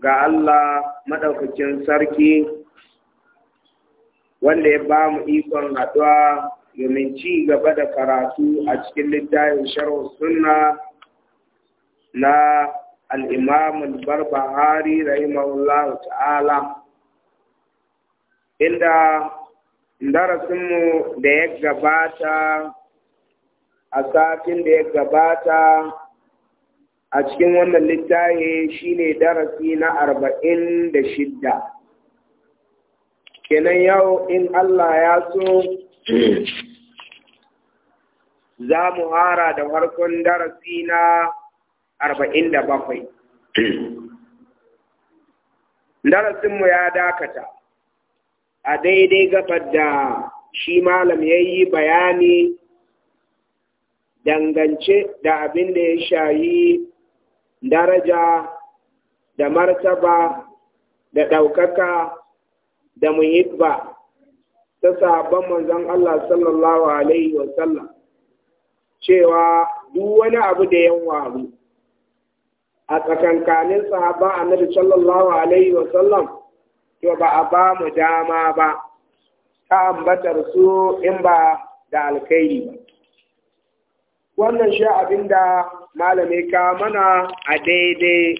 ga Allah maɗaukakin sarki wanda ya ba mu ikon haɗuwa domin ci gaba da karatu a cikin littafin sharhu sunna na al'imamun barbahari rahimahullahu ta'ala inda darasinmu da ya gabata a satin da ya gabata a cikin wannan littafi shine darasi na arba'in da shidda kenan yau in Allah ya so za mu hara da farkon darasi na arba'in da bakwai darasinmu ya dakata a daidai gaba da shi malam ya yi bayani dangance da abin da ya shayi daraja da martaba da ɗaukaka da muhibba ta sabon manzon Allah sallallahu alaihi wasallam cewa duk wani abu da yan waru a tsakankanin sahaba annabi sallallahu alaihi wasallam to ba a ba mu dama ba ta ambatar su in ba da alkhairi ba wannan shi abinda malamai ka mana a daidai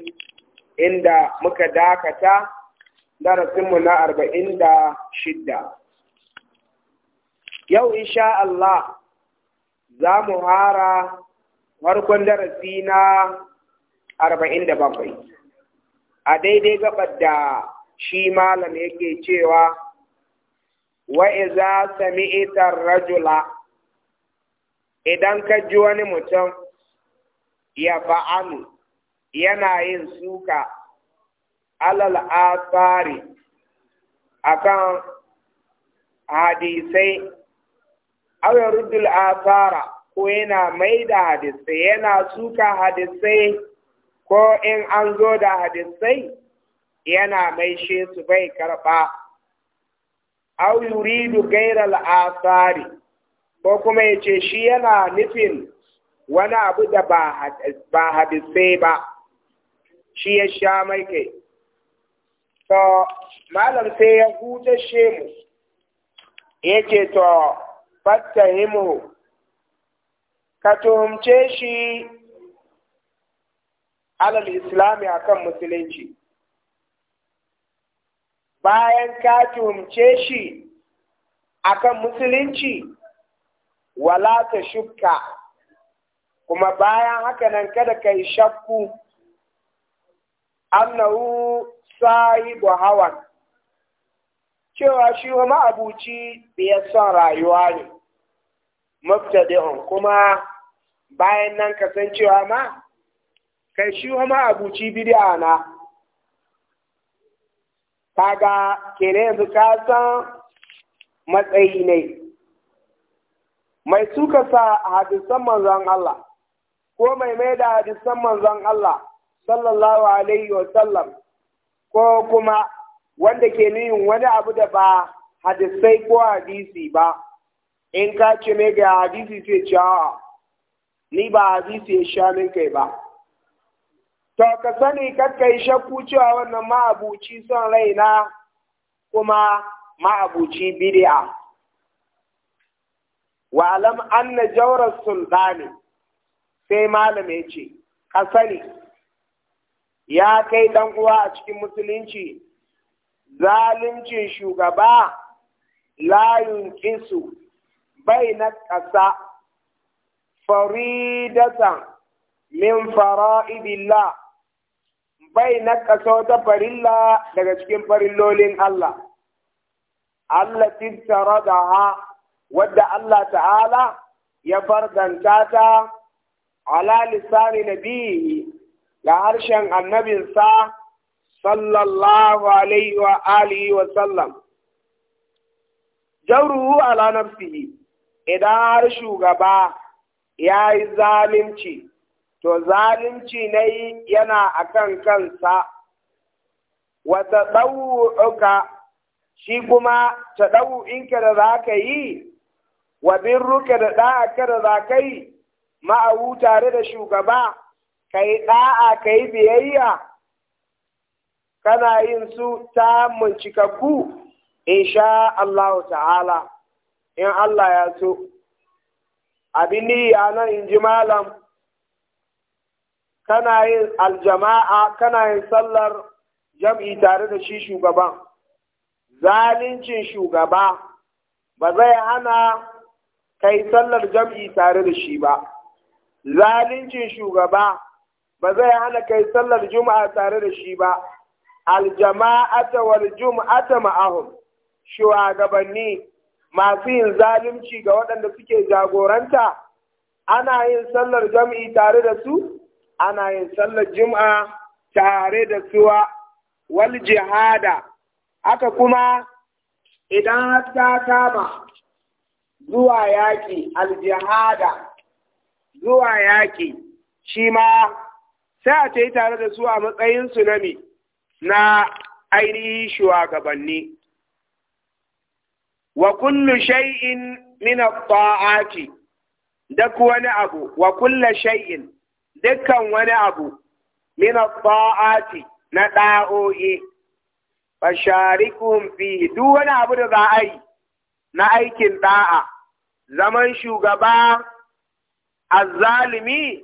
inda muka dakata darasinmu na arba'in da shidda. Yau insha Allah za mu hara farkon darasi na arba'in da bakwai. A daidai gabar da shi malam yake cewa, wa'iza sami'itar rajula idan ka ji wani mutum ya fa'alu yana yin suka alal asari akan hadisai aw rudul asara ko yana mai da hadisai yana suka hadisai ko in an zo da hadisai yana shi su bai karɓa. aw ridu gairar asari ko kuma ya ce shi yana nufin wani abu da ba hadisai ba shi ya sha mai kai to malam sai ya huta shemu ya ce to himu, ka tuhumce shi alal islami akan musulunci bayan ka tuhumce shi akan musulunci wala ta shukka kuma bayan hakanan kada ka yi shakku annahu sahibu hawan cewa shi wa ma'abuci biyar son rayuwa ne mubtadi'un kuma bayan nan ka san cewa ma kai shi wa ma'abuci bid'a na kaga kene yanzu ka san matsayi ne mai suka sa hadisan manzon Allah ko mai mai da hadisan manzon Allah sallallahu alaihi wa sallam ko kuma wanda ke nuyin wani abu da ba hadisai ko hadisi ba in ka ce mai ga hadisi sai cewa, ni ba hadisi ya sha min kai ba to ka sani kakkai shakku cewa wannan ma'abuci son raina kuma ma'abuci bid'a wa alam anna jawra sultani sai malam ya ce ka ya kai dan uwa a cikin musulunci zaluncin shugaba layun kisu bai na ƙasa faridatan min fara'idillah bai na ƙasa wata farilla daga cikin farillolin Allah Allah tittara da ha wadda Allah ta'ala ya farganta ta ala lisani nabihi ga harshen annabinsa sallallahu alaihi wa alihi wa sallam jauruhu ala nafsihi idan har shugaba ya yi zalunci to zalunci na yi yana akan kansa wata ɗau'uka shi kuma ta ɗau'inka da za ka yi wa ruke da da'a kada za kai ma'awu tare da shugaba Ka ɗa'a da'a yi biyayya kana yin su ta cikakku insha Allah ta'ala in Allah ya so abin niyya nan in ji malam kana yin aljama'a kana yin sallar jam'i tare da shi shugaban zalincin shugaba ba zai hana kai sallar jam'i tare da shi ba zalincin shugaba ba zai hana kai sallar juma'a tare da shi ba aljama'ata wal jum'ata ma'ahum shugabanni masu yin zalunci ga waɗanda suke jagoranta ana yin sallar jam'i tare da su ana yin sallar juma'a tare da suwa wal jihada haka kuma idan ta kama zuwa yaƙi aljihada zuwa yaƙi shi ma sai a ce tare da su a matsayin tsunami na ainihin shugabanni wa kullu shai'in min at duk wani abu wa kullu shay'in dukkan wani abu min at na da'o'i fasharikum fi duk wani abu da za a yi na aikin ɗa'a. zaman shugaba azzalimi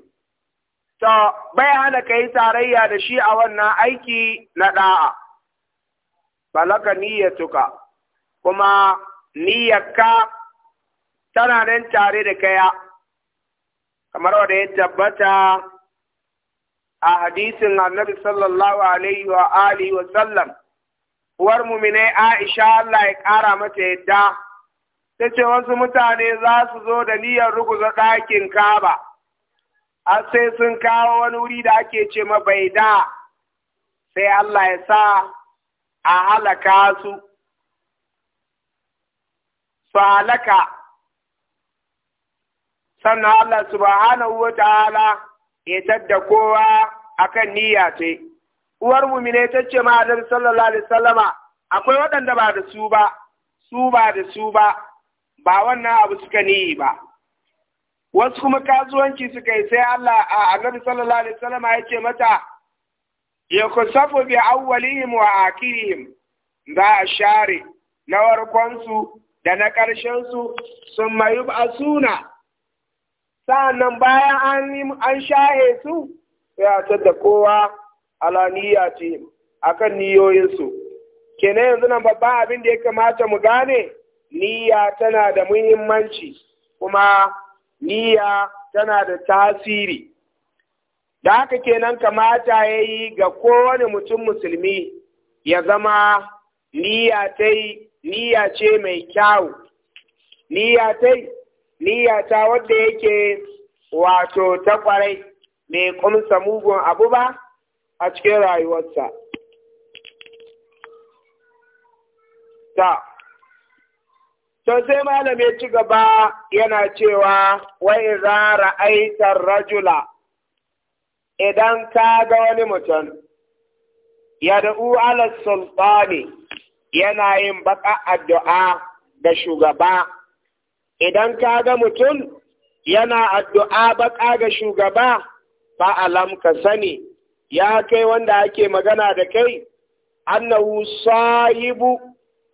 to bai hana ka yi tarayya da shi a wannan aiki na ɗa'a. Balaka niyyatuka, kuma ka tana nan tare da kaya, kamar wanda ya tabbata a hadisin annabi sallallahu alaihi wa alihi wa sallam, uwar mine Aisha Allah ya ƙara mata yadda. ta ce wasu mutane za su zo da niyyar ruguza ɗakin kaba har sai sun kawo wani wuri da ake ce mabaida sai Allah ya sa a halaka su su halaka sannan Allah subhanahu wa ta'ala ya tadda kowa a akan niyya ce uwar mu mumine ta ce ma sallallahu alaihi wasallama akwai waɗanda ba da su ba su ba da su ba ba wannan abu suka niyi ba wasu kuma kasuwanci suka yi sai Allah a annabi sallallahu alaihi wasallam ya ce mata ya kusafu bi awwalihim wa akhirihim za a share na warkonsu da na ƙarshen su sun mayu a suna sa'annan bayan an an shahe su ya da kowa alaniya ce akan niyoyinsu kenan yanzu nan babban abin da ya kamata mu gane niyya tana da muhimmanci kuma niyya tana da tasiri da haka kenan kamata ya yi ga kowane mutum musulmi ya zama niyya ta niyya ce mai kyau niyya ta niyya ta wadda yake wato ta kwarai mai kumsa mugun abu ba a cikin rayuwarsa ta To sai malam ya ci gaba yana cewa wai idza ra'aita rajula idan ka ga wani mutum ya yad'u ala sultani yana yin baka addu'a da shugaba idan ka ga mutum yana addu'a baka ga shugaba fa alam ka sani ya kai wanda ake magana da kai annahu sahibu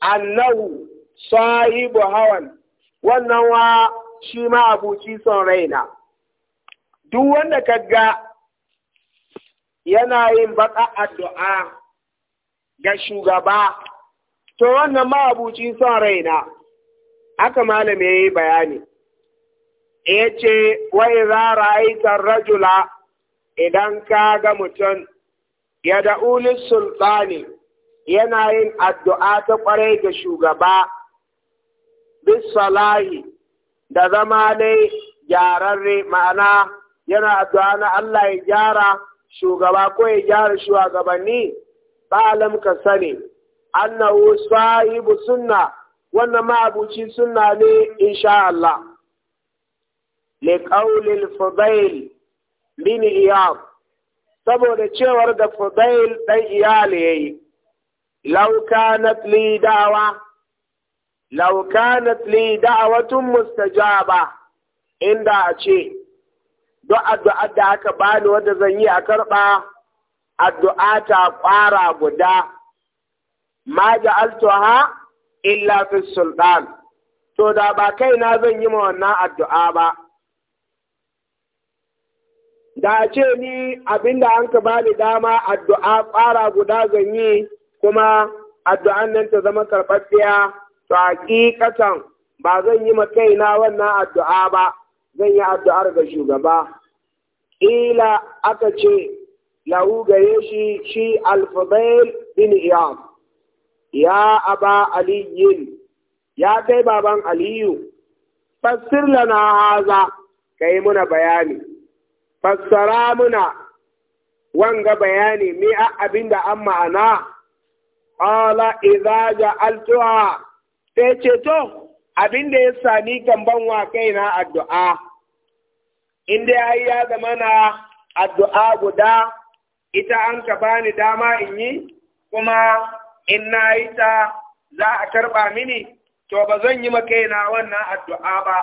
annahu sahibu hawan wannan wa shi ma abuki son raina duk wanda kaga yana yin baka addu'a ga shugaba to wannan ma abuki son raina aka malami ya yi bayani ya ce wa idza ra'aita rajula idan ka ga mutum ya da'uli sultani yana yin addu'a ta kwarai ga shugaba bisalahi da zama ne gyararre ma'ana yana addu'a na Allah ya gyara shugaba ko ya gyara shugabanni ba alam ka sani annahu sahibu sunna wannan ma'abuci sunna ne insha Allah liqauli al-fudail bin iyad saboda cewar da fudail dan iyali yayi law kanat li da'wa laukanat li da'awatun mustajaba inda a ce duk addu'ar da aka bani wanda zan yi a karɓa addu'a ta ƙwara guda ma ja'altuha illa fi sultan to da ba kai na zan yi ma wannan addu'a ba da ce ni abinda an ka bani dama addu'a ƙwara guda zan yi kuma addu'an nan ta zama karɓaɓɓiya to hakikatan ba zan yi na wannan addu'a ba zan yi addu'ar ga shugaba Ila aka ce lahu gare shi shi alfudail bin iyam ya aba aliyin ya kai baban aliyu fassir lana haza kai muna bayani fassara muna wanga bayani mi abinda an ma'ana qala idza ja'altuha sai ce to abin da ya sami kan wa kaina addu'a inda ya yi ya zama na addu'a guda ita an ka bani dama in yi kuma in na yi ta za a karɓa mini to ba zan yi makaina wannan addu'a ba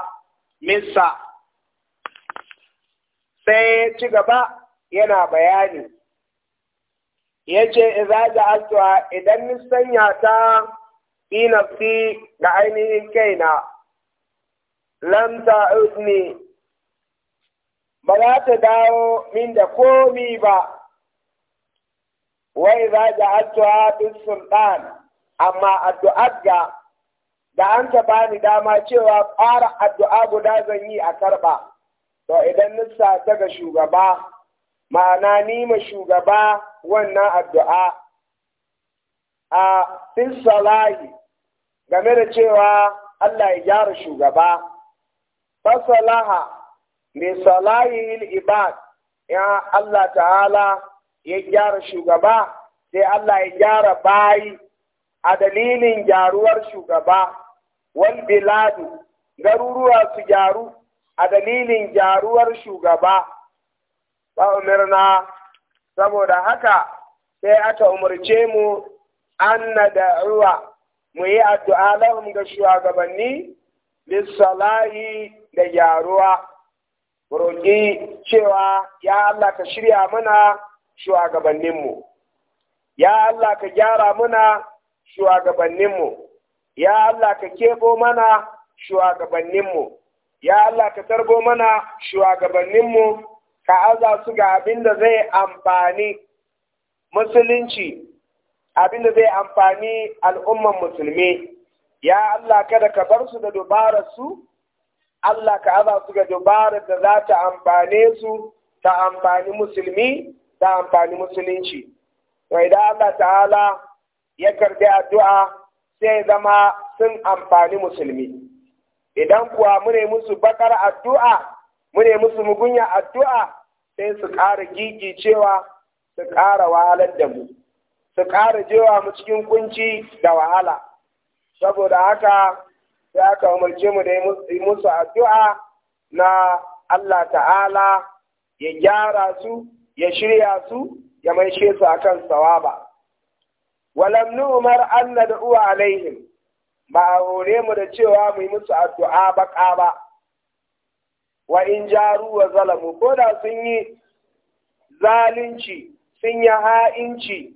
minsa sai ci gaba yana bayani ya ce za da addu'a idan nisanya ta fi nafsi da ainihin kaina lam ta'udni ba za ta dawo min da komi ba wa da addu'a bis sultan amma addu'ar ga da an ta bani dama cewa ƙara addu'a guda zan yi a karɓa to idan nissa ta ga shugaba ma'ana ni ma shugaba wannan addu'a a salahi, game da cewa Allah ya gyara shugaba fasalaha mai salahin ibad ya Allah ta'ala ya gyara shugaba sai Allah ya gyara bayi a dalilin gyaruwar shugaba wal biladu garuruwa su gyaru a dalilin gyaruwar shugaba ba umarna, saboda haka sai aka umarce mu anna da'uwa mu yi addu'a lahum ga shugabanni lissalahi da yaruwa roƙi cewa ya Allah ka shirya muna shugabanninmu ya Allah ka gyara muna shugabanninmu ya Allah ka kebo mana shugabanninmu ya Allah ka tarbo mana shugabanninmu ka aza su ga abin da zai amfani musulunci abin da zai amfani al'umman musulmi ya Allah kada ka bar su da dubarar su Allah ka aza su ga dubarar da za ta amfane su ta amfani musulmi ta amfani musulunci wai idan Allah ta'ala ya karbi addu'a sai zama sun amfani musulmi idan kuwa mune musu bakar addu'a mune musu mugunya addu'a sai su ƙara gigi cewa su ƙara wahalar da mu su ƙara jewa mu cikin kunci da wahala saboda haka sai aka umarce mu da yi musu addu'a na Allah ta'ala ya gyara su ya shirya su ya maishe su a kan sawaba walam umar an nad'u alaihim ba a hore mu da cewa mu yi musu addu'a baƙa ba wa in jaru wa zalamu ko da sun yi zalunci sun yi ha'inci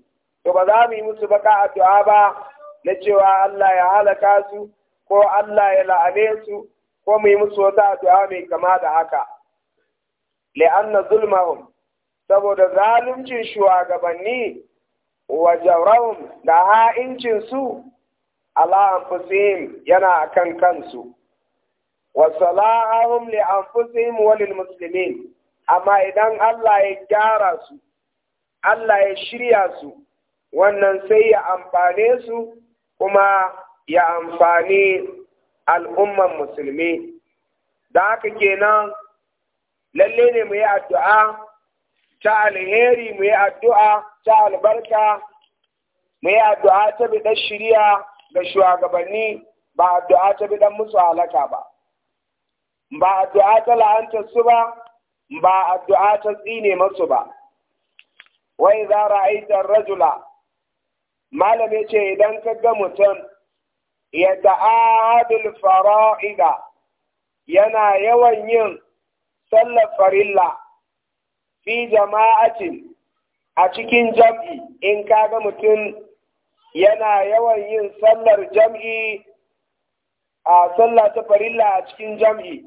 to ba za mu yi musu baka addu'a ba na cewa Allah ya halaka su ko Allah ya la'ane su ko mu yi musu wata addu'a mai kama da haka li'anna zulmahum saboda zaluncin shugabanni wa jawrahum da ha'incin su ala anfusihim yana kan kansu wa salahahum li anfusihim wa lil muslimin amma idan Allah ya gyara su Allah ya shirya su wannan sai ya amfane su kuma ya amfani al'umman musulmi da haka kenan lalle ne mu yi addu'a ta alheri mu yi addu'a ta albarka mu yi addu'a ta bidan shirya ga shugabanni ba addu'a ta bidan musu halaka ba ba addu'a ta la'antar su ba ba addu'a ta tsine masu ba wai za ra'aitar rajula malam ya ce idan ka ga mutum ya ta'adul fara'ida yana yawan yin sallar farilla fi jama'atin a cikin jam'i in ka ga mutum yana yawan yin sallar jam'i a sallar ta farilla a cikin jam'i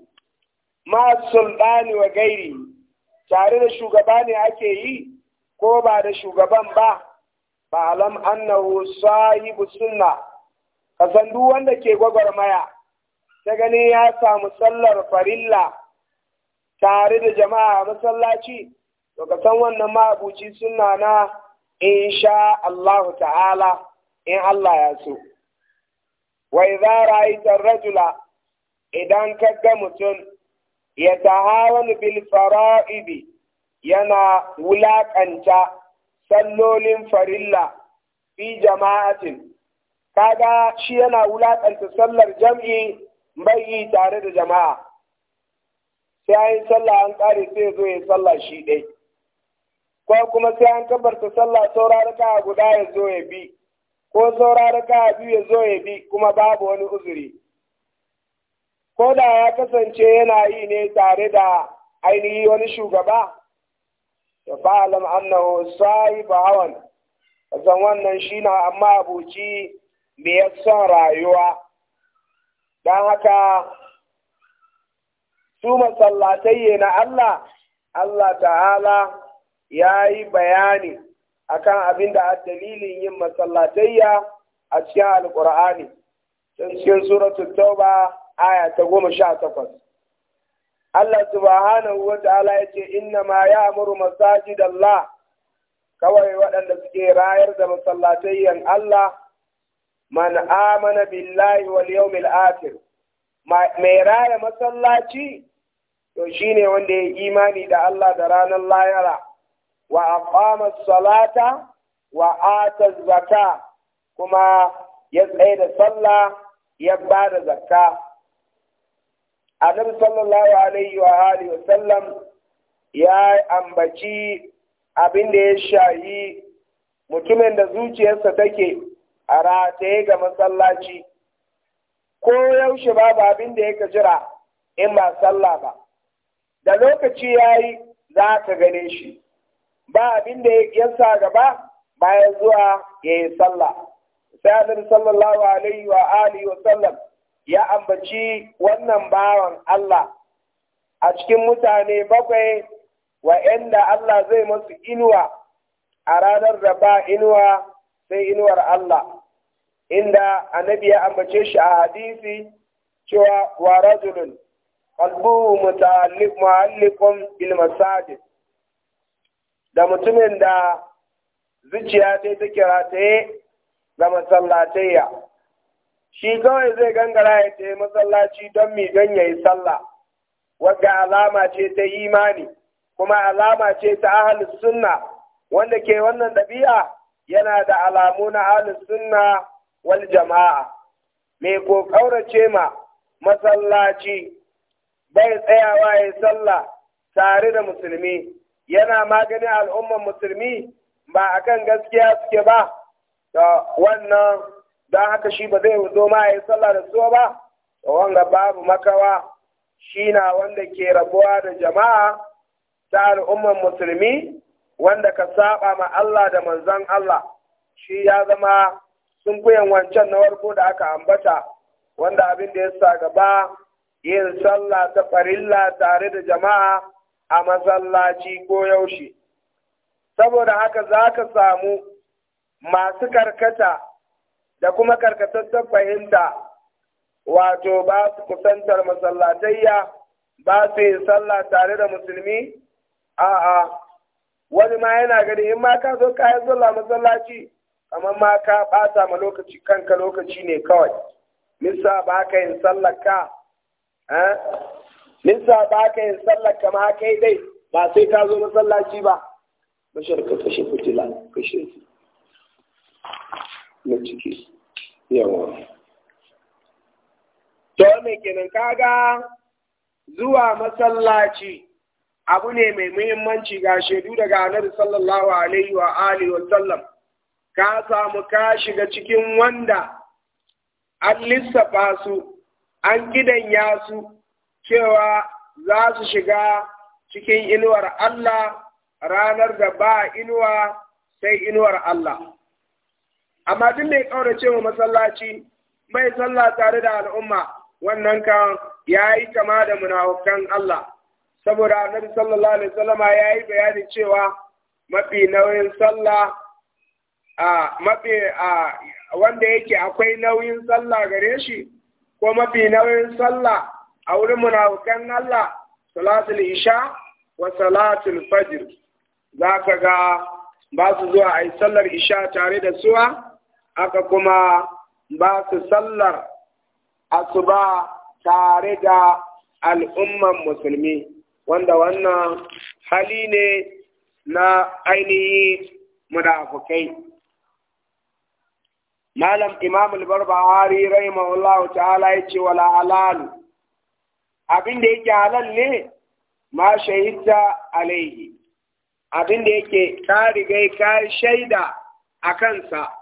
ma sulɗani wa gairi tare da shugaba ne ake yi ko ba da shugaban ba fa'alam annahu sahibu sunna ka duk wanda ke gwagwarmaya ta gani ya samu sallar farilla tare da jama'a masallaci to ka san wannan ma'abuci sunna na insha Allah ta'ala in Allah ya so wa idza ra'aita rajula idan ka ga mutum ya tahawanu bil fara'ibi yana wulaƙanta. sallolin farilla fi jama'atin kaga shi yana wulaƙanta sallar jam'i bai yi tare da jama'a sai an yi sallah an ƙare sai zo ya sallah shi ɗai ko kuma sai an kabarta sallah saura raka guda ya zo ya bi ko saura raka biyu ya zo ya bi kuma babu wani uzuri ko da ya kasance yana yi ne tare da ainihi wani shugaba da fa'alam annahu sahibu hawan zan wannan shi na amma abuci me ya son rayuwa don haka su masallatai na Allah Allah ta'ala ya yi bayani akan abin da a dalilin yin masallatayya a cikin alƙur'ani cikin suratul tauba aya ta goma sha takwas Allah subhanahu wa ta'ala ya ce inna ma ya amuru masajid Allah kawai waɗanda suke rayar da masallatayyan Allah man amana billahi wal yawmil akhir Me raya masallaci to shine wanda ya imani da Allah da ranar layara wa aqama salata wa ata zakka kuma ya tsaye da sallah ya bada da zakka annabi sallallahu alaihi wa alihi wa sallam ya ambaci abin da ya shayi mutumin da zuciyarsa take a rataye ga masallaci ko yaushe babu abin da yake jira in ba sallah ba da lokaci ya yi za ka gane shi ba abin da ya sa gaba bayan zuwa ya yi sallah sai annabi sallallahu alaihi wa alihi wa sallam ya ambaci wannan bawan Allah a cikin mutane bakwai wa'yanda Allah zai masu inuwa a ranar da ba inuwa sai inuwar Allah, inda annabi ya ambace shi a hadisi cewa wa rajulun qalbuhu mu'alliqun bil masajid da mutumin da zuciya ta take rataye ga masallatayya shi kawai zai gangara ya ce masallaci don mi don ya yi sallah wadda alama ce ta imani kuma alama ce ta ahalus sunna wanda ke wannan ɗabi'a yana da alamu na ahalus sunna wal jama'a Me ko kaurace ma masallaci bai tsayawa ya sallah tare da musulmi yana maganin al'umman musulmi ba akan gaskiya suke ba wannan don haka shi ba zai ma ya yi sallah da su ba wanga babu makawa shi na wanda ke rabuwa da jama'a ta al'ummar musulmi wanda ka saba ma Allah da manzan Allah shi ya zama sun kuyan wancan na warko da aka ambata wanda abin da ya sa gaba yin sallah ta farilla tare da jama'a a masallaci ko yaushe saboda haka za ka samu masu karkata da kuma karkatattar fahimta wato ba su kusantar masallatayya ba su yi sallah tare da musulmi a'a wani ma yana gani in ma ka zo kayan sallah masallaci kamar ma ka ɓata ma lokaci kanka lokaci ne kawai nisa ba ka yin sallaka ka eh? nisa ba ka yin sallar ka ma kai dai ba sai ka zo masallaci ba bashar ka kashe fitila kashe na ciki yawa to me kenan kaga zuwa masallaci abu ne mai muhimmanci ga shaidu daga annabi sallallahu alaihi wa alihi wa sallam ka samu ka shiga cikin wanda an lissafa su an gidanya su cewa za su shiga cikin inuwar Allah ranar da ba inuwa sai inuwar Allah amma duk mai kaurace wa masallaci mai sallah tare da al'umma wannan kan yayi kama da munafukan Allah saboda annabi sallallahu alaihi wasallam yayi bayani cewa mafi nauyin sallah a mafi a wanda yake akwai nauyin sallah gare shi ko mafi nauyin sallah a wurin munafikan Allah salatul isha wa salatul fajr za ga ba su zuwa a sallar isha tare da suwa aka kuma ba su sallar asuba tare da al'umman musulmi wanda wannan hali ne na ainihi munafukai malam imam al-barbahari rahimahullahu ta'ala ce wala halalu abin da yake halal ne ma shahidda alaihi abin da yake ka rigai ka shaida a kansa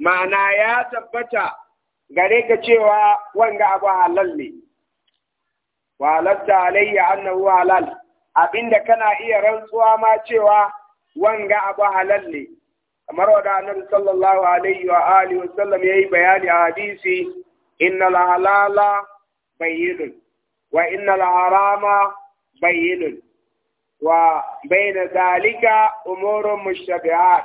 ma'ana ya tabbata gare ka cewa wanga abu halal ne wa halatta alayya annahu halal abinda kana iya rantsuwa ma cewa wanga abu halal ne kamar wanda annabi sallallahu alaihi wa alihi wa sallam yayi bayani a hadisi innal halala bayyinun wa innal harama bayyinun wa bayna zalika umurun mushtabihat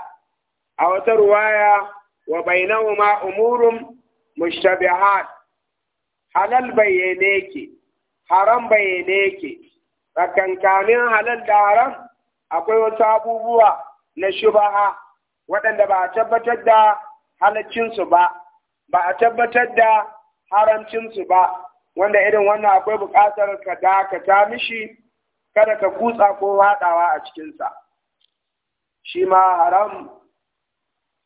a wata ruwaya wa bainahuma umurun mushtabihat halal bayyane ke, haram bayyane ke. tsakankanin halal da haram akwai wasu abubuwa na shubaha waɗanda ba a tabbatar da halaccinsu ba ba a tabbatar da haramcinsu ba wanda irin wannan akwai buƙatar ka dakata mishi kada ka kutsa ko haɗawa a cikinsa shima haram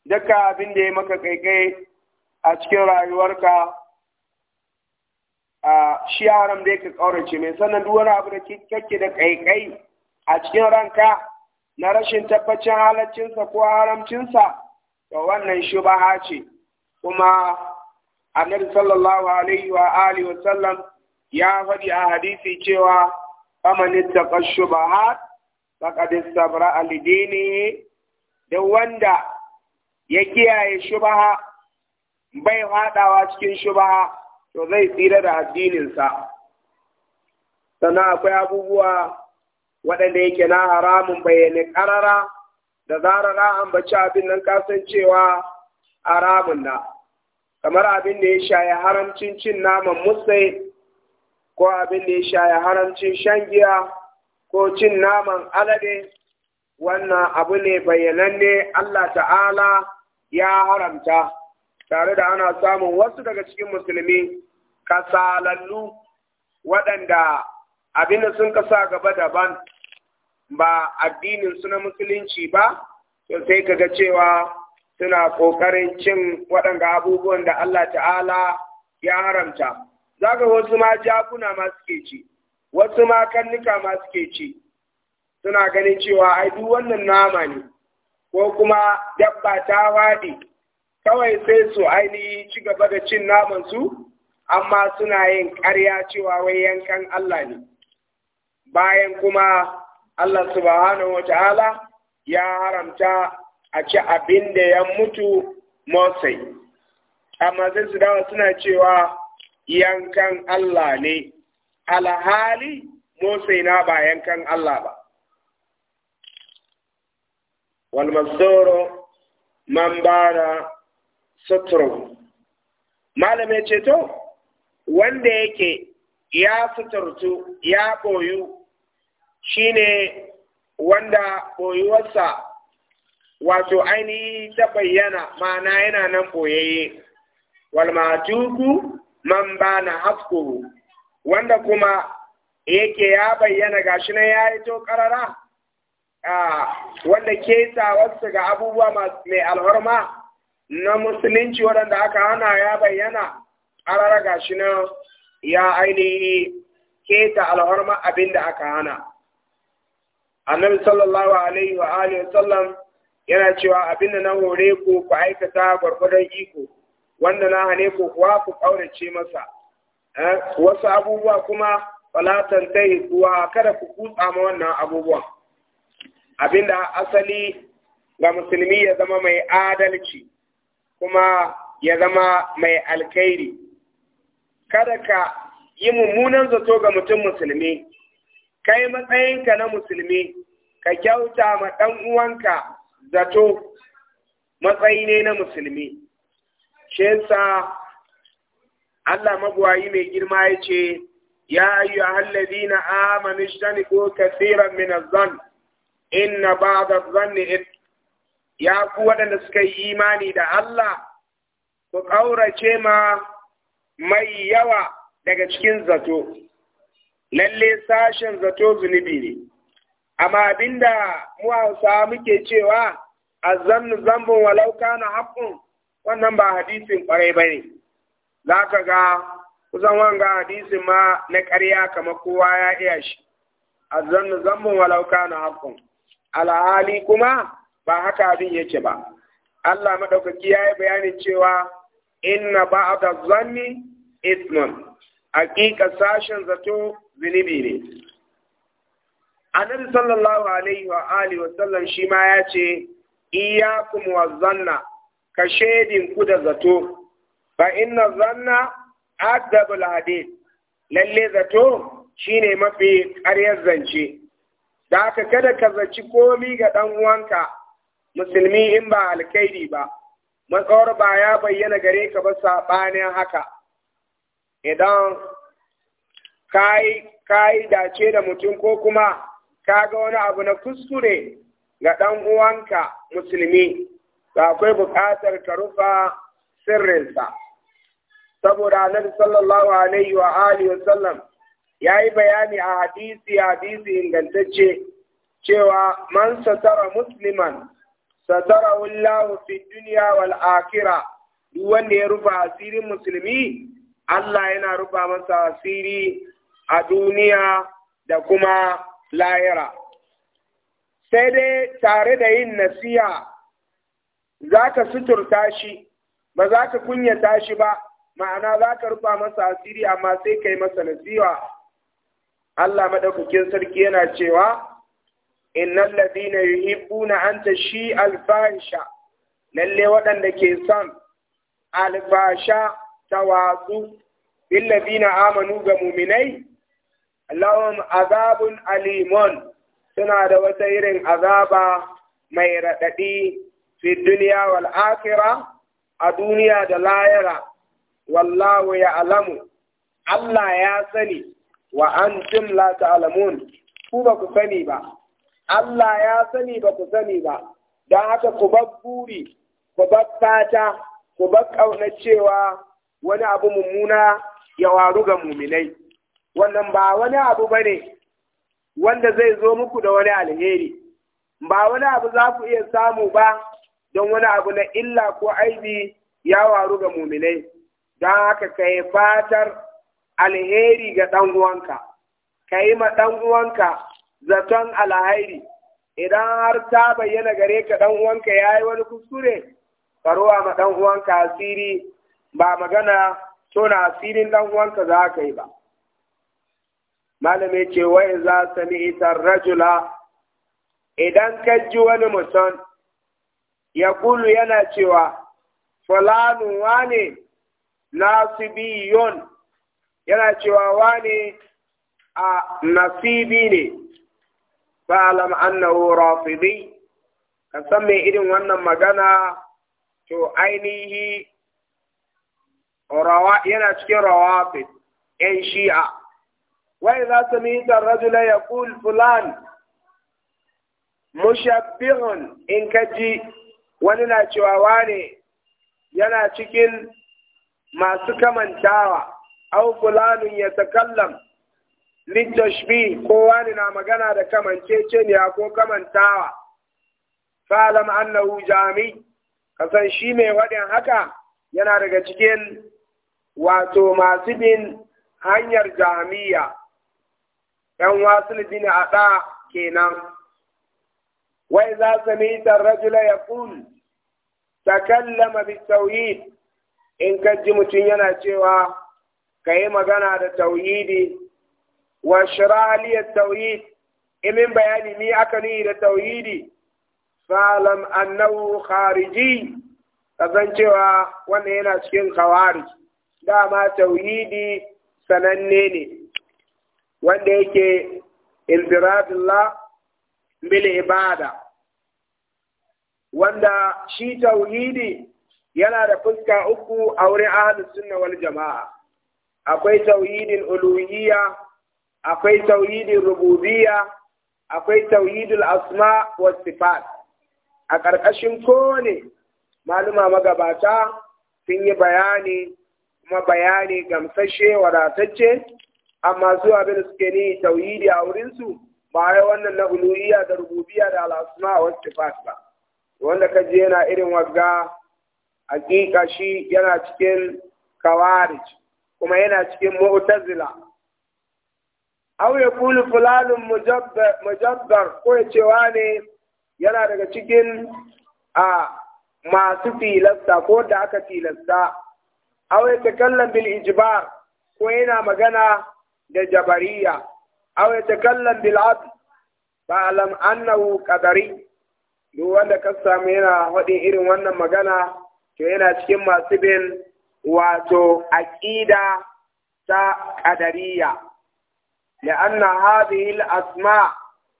duka abin da ya maka kaikai a cikin rayuwarka a shi haram da ka kaurace mai sannan duk wani abu da kake da kaikai a cikin ranka na rashin tabbacin halaccinsa ko haramcinsa to wannan shubaha ce kuma annabi sallallahu alaihi wa alihi wa sallam ya faɗi a hadisi cewa faman ittaqa shubahat faqad istabra al-dini da wanda ya kiyaye shubaha bai haɗawa cikin shubaha to zai tsira da addininsa sannan akwai abubuwa waɗanda yake na haramun bayyane ƙarara da zarar an ambaci abin nan kasancewa haramun na kamar abin da ya shaye haramcin cin naman musai ko abin da ya shaye haramcin shan giya ko cin naman alade wannan abu ne bayyananne Allah ta'ala ya haramta tare da ana samun wasu daga cikin musulmi kasalallu waɗanda abin da sun kasa gaba daban ba addinin su na musulunci ba to sai kaga cewa suna ƙoƙarin cin waɗanda abubuwan da Allah ta'ala ya haramta za ga wasu ma jakuna ma suke ci wasu ma kannuka ma suke ci suna ganin cewa ai duk wannan nama ne ko kuma dabba ta waɗi kawai sai su ainihi ci gaba da cin naman su amma suna yin ƙarya cewa wai yankan Allah ne bayan kuma Allah subhanahu wa ta'ala ya haramta a ci abin da ya mutu motsai amma sai su dawa suna cewa yankan Allah ne alhali motsai na ba yankan Allah ba walmasoro mazoro man bara malam ce to wanda yake ya suturtu ya boyu shine wanda boyuwarsa wato ainihi ta bayyana ma'ana yana nan boyayye wal matuku man bana wanda kuma yake ya bayyana gashi nan ya yi to karara wanda ke wasu ga abubuwa mai alhorma na musulunci waɗanda aka hana ya bayyana ƙarar gashi na ya ainihi keta alhorma abin da aka hana. Annabi sallallahu alaihi wa alihi sallam yana cewa abin da na hore ku ku aikata gwargwadon iko wanda na hane ku kuwa ku ƙaurace masa. Eh, wasu abubuwa kuma falatan ta kuwa kada ku kutsa ma wannan abubuwan. abinda asali ga musulmi ya zama mai adalci kuma ya zama mai alkhairi kada ka yi mummunan zato ga mutum musulmi kai matsayinka na musulmi ka kyauta ma ɗan uwanka zato matsayi ne na musulmi shi yasa Allah magwayi mai girma ya ce ya ayyuhal ladina amanu ishtaniku katsiran min az-zann inna ba'da zanni ya ku waɗanda suka yi imani da Allah ku ƙaurace ma mai yawa daga cikin zato lalle sashen zato zunubi ne amma abinda mu Hausawa muke cewa azannu zambun walau kana haqqun wannan ba hadisin kwarai bane zaka ga kusan wanga hadisin ma na ƙarya kamar kowa ya iya shi azannu zambun walau kana haqqun alhali kuma ba haka abin yake ba Allah madaukaki ya yi bayanin cewa inna ba'da zanni ithman hakika sashen zato zunubi ne annabi sallallahu alaihi wa alihi wa sallam shi ma ya ce iyyakum wa zanna ka shedin ku da zato fa inna zanna adabul hadith lalle zato shine mafi ƙaryar zance da aka kada ka zaci komi ga ɗan uwanka musulmi in ba alkairi ba matsawar ba ya bayyana gare ka ba saɓanin haka idan ka yi dace da mutum ko kuma ka ga wani abu na kuskure ga ɗan uwanka musulmi ba akwai buƙatar ka rufa sirrinsa saboda annabi sallallahu alaihi wa alihi wa sallam ya yi bayani a hadisi hadisi ingantacce cewa man satara musliman satara wallahu fi duniya wal akhira duk wanda ya rufa asirin musulmi Allah yana rufa masa asiri a duniya da kuma layara sai dai tare da yin nasiya za ka suturta shi ba za ka kunyata shi ba ma'ana za ka rufa masa asiri amma sai ka yi masa nasiya Allah madaukakin sarki yana cewa innal ladina yuhibbuna an tashi alfahisha lalle waɗanda ke son alfasha tawatsu bil ladina amanu ga mu'minai lahum azabun alimun suna da wata irin azaba mai raɗaɗi fi duniya wal akhirah a duniya da layara wallahu ya alamu Allah ya sani wa antum la ta'lamun ku ba ku sani ba Allah ya sani ba ku sani ba don haka ku bar buri ku bar fata ku bar cewa wani abu mummuna ya waru ga muminai wannan ba wani abu bane wanda zai zo muku da wani alheri ba wani abu za ku iya samu ba don wani abu na illa ko aibi ya waru ga muminai don haka kai fatar alheri ga ɗan uwanka ka yi ma ɗan uwanka zaton alhairi idan har ta bayyana gare ka ɗan uwanka ya yi wani kuskure ka ma ɗan'uwanka uwanka asiri ba magana tona asirin ɗan uwanka za ka yi ba malamai ce wa za sami itar rajula idan ka ji wani mutum ya yana cewa fulanu wane nasibiyun yana cewa wane a nasibi ne fa'alam annahu rafidi ka san me irin wannan magana to ainihi rawa yana cikin rawafid yan shi'a wai za su mi da rajula ya kul fulan mushabbihun in kaji wani na cewa wane yana cikin masu kamantawa aw ya takallam litashbih kowa ne na magana da kamanceceniya ko kamantawa fa'lam annahu jami kasan shi mai waɗin haka yana daga cikin wato masu bin hanyar jami'a ‘yan wasu bin a ɗa kenan wai za su mita rajula takallama bi in ka ji mutum yana cewa ka yi magana da tauhidi wa shiraliyar tauhid imin bayani ni aka ni da tauhidi salam annahu khariji kazancewa cewa wannan yana cikin khawarij dama tauhidi sananne ne wanda yake infiradullah bil ibada wanda shi tauhidi yana da fuska uku a wurin ahlus sunna wal jama'a akwai tauhidin uluhiyya akwai tauhidin rububiyya akwai tauhidul asma wa sifat a ƙarƙashin kone maluma magabata sun yi bayani kuma bayani gamsashe wadatacce amma zuwa bin suke ne tauhidi a wurinsu ba ya wannan na uluhiyya da rububiyya da al'asma wa sifat ba wanda ka je yana irin wagga hakika shi yana cikin kawarici kuma yana cikin mu'tazila aw ya kulu fulanun mujabbar ko cewa ne yana daga cikin a masu tilasta ko da aka tilasta aw ya takallam bil ijbar ko yana magana da jabariya aw ya takallam bil adl fa'lam annahu qadari duk wanda ka samu yana faɗin irin wannan magana to yana cikin masu bin wato aƙida ta ƙadariya la'anna hadhihi al-asma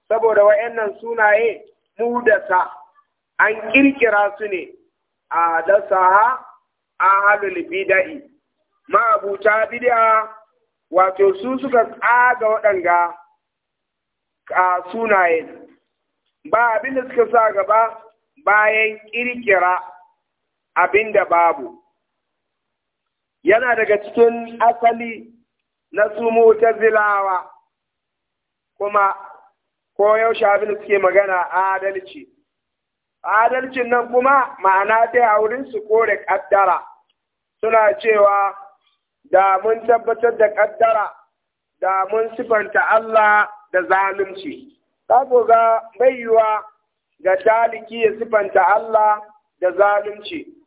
saboda wayannan sunaye mudasa an kirkira su ne a dasaha ahlul bid'i ma abuta bid'a wato su suka tsaga waɗanga a sunayen ba abin da suka sa gaba bayan kirkira abinda babu yana daga cikin asali na su mutazilawa kuma ko yaushe abin suke magana adalci adalcin nan kuma ma'ana dai a wurin su kore kaddara suna cewa da mun tabbatar da kaddara da mun sifanta Allah da zalunci kago ga bayuwa ga taliki ya sifanta Allah da zalunci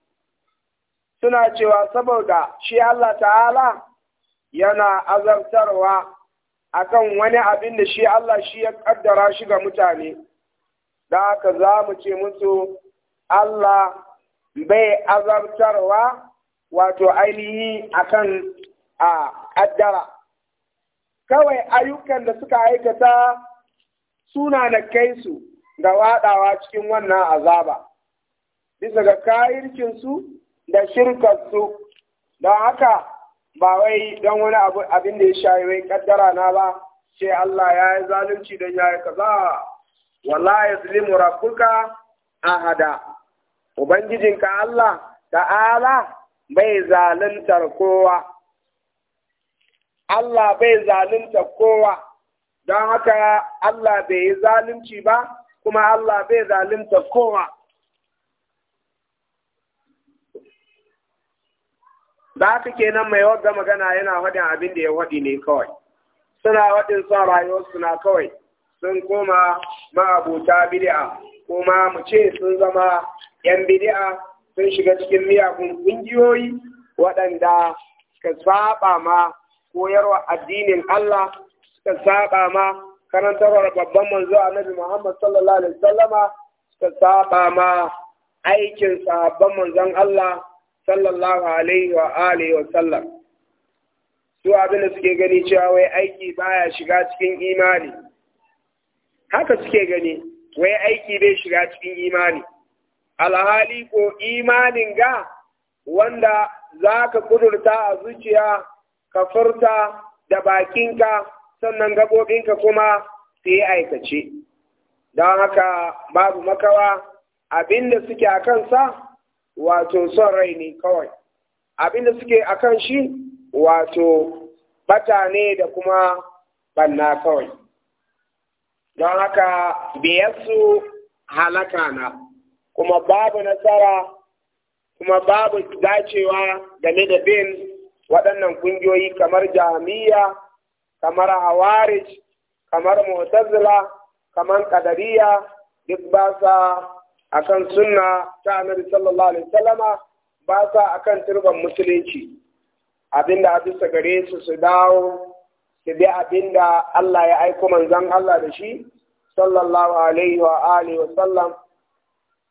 suna cewa saboda shi Allah ta'ala yana azabtarwa akan wani abin da shi Allah shi ya kaddara shi ga mutane, da ka za mu ce musu Allah bai azabtarwa wato ainihi akan a kaddara. Kawai ayyukan da suka aikata suna na kai su ga waɗawa cikin wannan azaba, bisa ga su da shirkarsu don haka ba wai don wani abin da ya shayi wai kaddara na ba sai Allah ya yi zalunci don ya yi kaza wala ya zulimu a ahada ubangijinka Allah ta'ala bai zaluntar kowa Allah bai zalunta kowa don haka Allah bai yi zalunci ba kuma Allah bai zalunta kowa ba ka kenan mai wadda magana yana faɗin abin da ya faɗi ne kawai suna haɗin son rayuwar suna kawai sun koma ma'abuta bid'a kuma mu ce sun zama yan bidi'a, sun shiga cikin miyagun ƙungiyoyi waɗanda suka saba ma koyarwa addinin Allah suka saba ma karantarwar babban manzo annabi Muhammad sallallahu alaihi wasallama suka saba ma aikin sabon manzon Allah sallallahu alaihi wa alihi wa sallam su abin da suke gani cewa wai aiki baya shiga cikin imani haka suke gani wai aiki bai shiga cikin imani alhali ko imanin ga wanda za ka kudurta a zuciya ka furta da bakinka sannan gabobinka kuma su yi aikace don haka babu makawa abinda suke a kansa wato son rai ne kawai abin da suke kan shi wato bata ne da kuma banna kawai don haka biyarsu halaka na kuma babu nasara kuma babu dacewa game da bin waɗannan ƙungiyoyi kamar jami'a kamar hawarij kamar motazila kamar kadariya duk ba sa akan sunna ta annabi sallallahu alaihi wasallama ba sa akan turban musulunci abinda a bisa gare su su dawo su bi abinda Allah ya aiko manzon Allah da shi sallallahu alaihi wa alihi wa sallam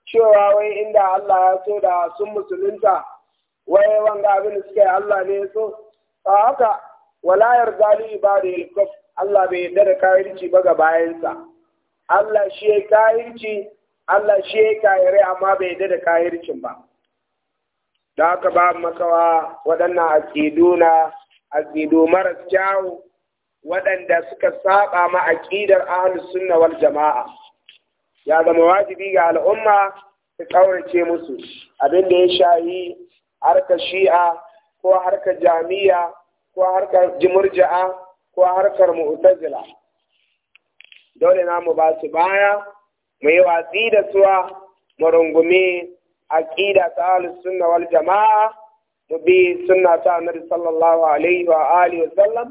cewa wai inda Allah ya so da sun musulunta wai wanda abin da suka yi Allah ne ya so a haka wala yarda li ibadi al Allah bai yarda da kafirci ba ga bayansa Allah shi ya kafirci Allah shi ya kayare amma bai yadda da kayircin ba da haka ba makawa waɗannan aƙidu na aƙidu maras kyawu waɗanda suka saba ma aƙidar ahlus sunna wal jama'a ya zama wajibi ga al'umma su ƙaurace musu abin da ya shayi harkar shi'a ko harkar jami'a ko harkar jimurja'a ko harkar mu'tazila dole na mu ba su baya mu yi watsi da suwa mu rungumi aqida ta ahlus sunna wal jama'a mu bi sunna ta annabi sallallahu alaihi wa alihi wa sallam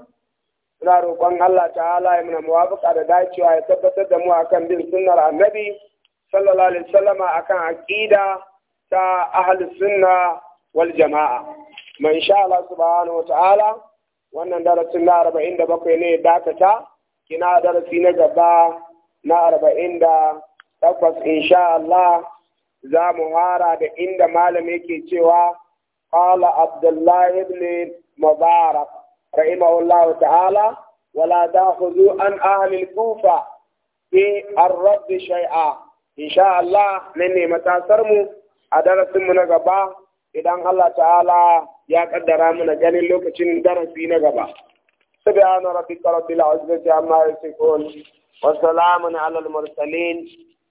roƙon Allah ta'ala ya muna muwafaqa da dacewa ya tabbatar da mu akan bin sunnar annabi sallallahu alaihi wa sallama akan aqida ta ahlus sunna wal jama'a man sha Allah subhanahu wa ta'ala wannan darasin na 47 ne dakata kina darasi na gaba na 40 takwas insha Allah za mu hara da inda malam yake cewa qala Abdullah ibn Mubarak Allah ta'ala wala ta'khudhu an ahli al-Kufa fi ar-radd shay'a insha Allah nan ne matasar a darasin mu na gaba idan Allah ta'ala ya kaddara mana ganin lokacin darasi na gaba سبحان ربك رب العزة عما يصفون وسلام على المرسلين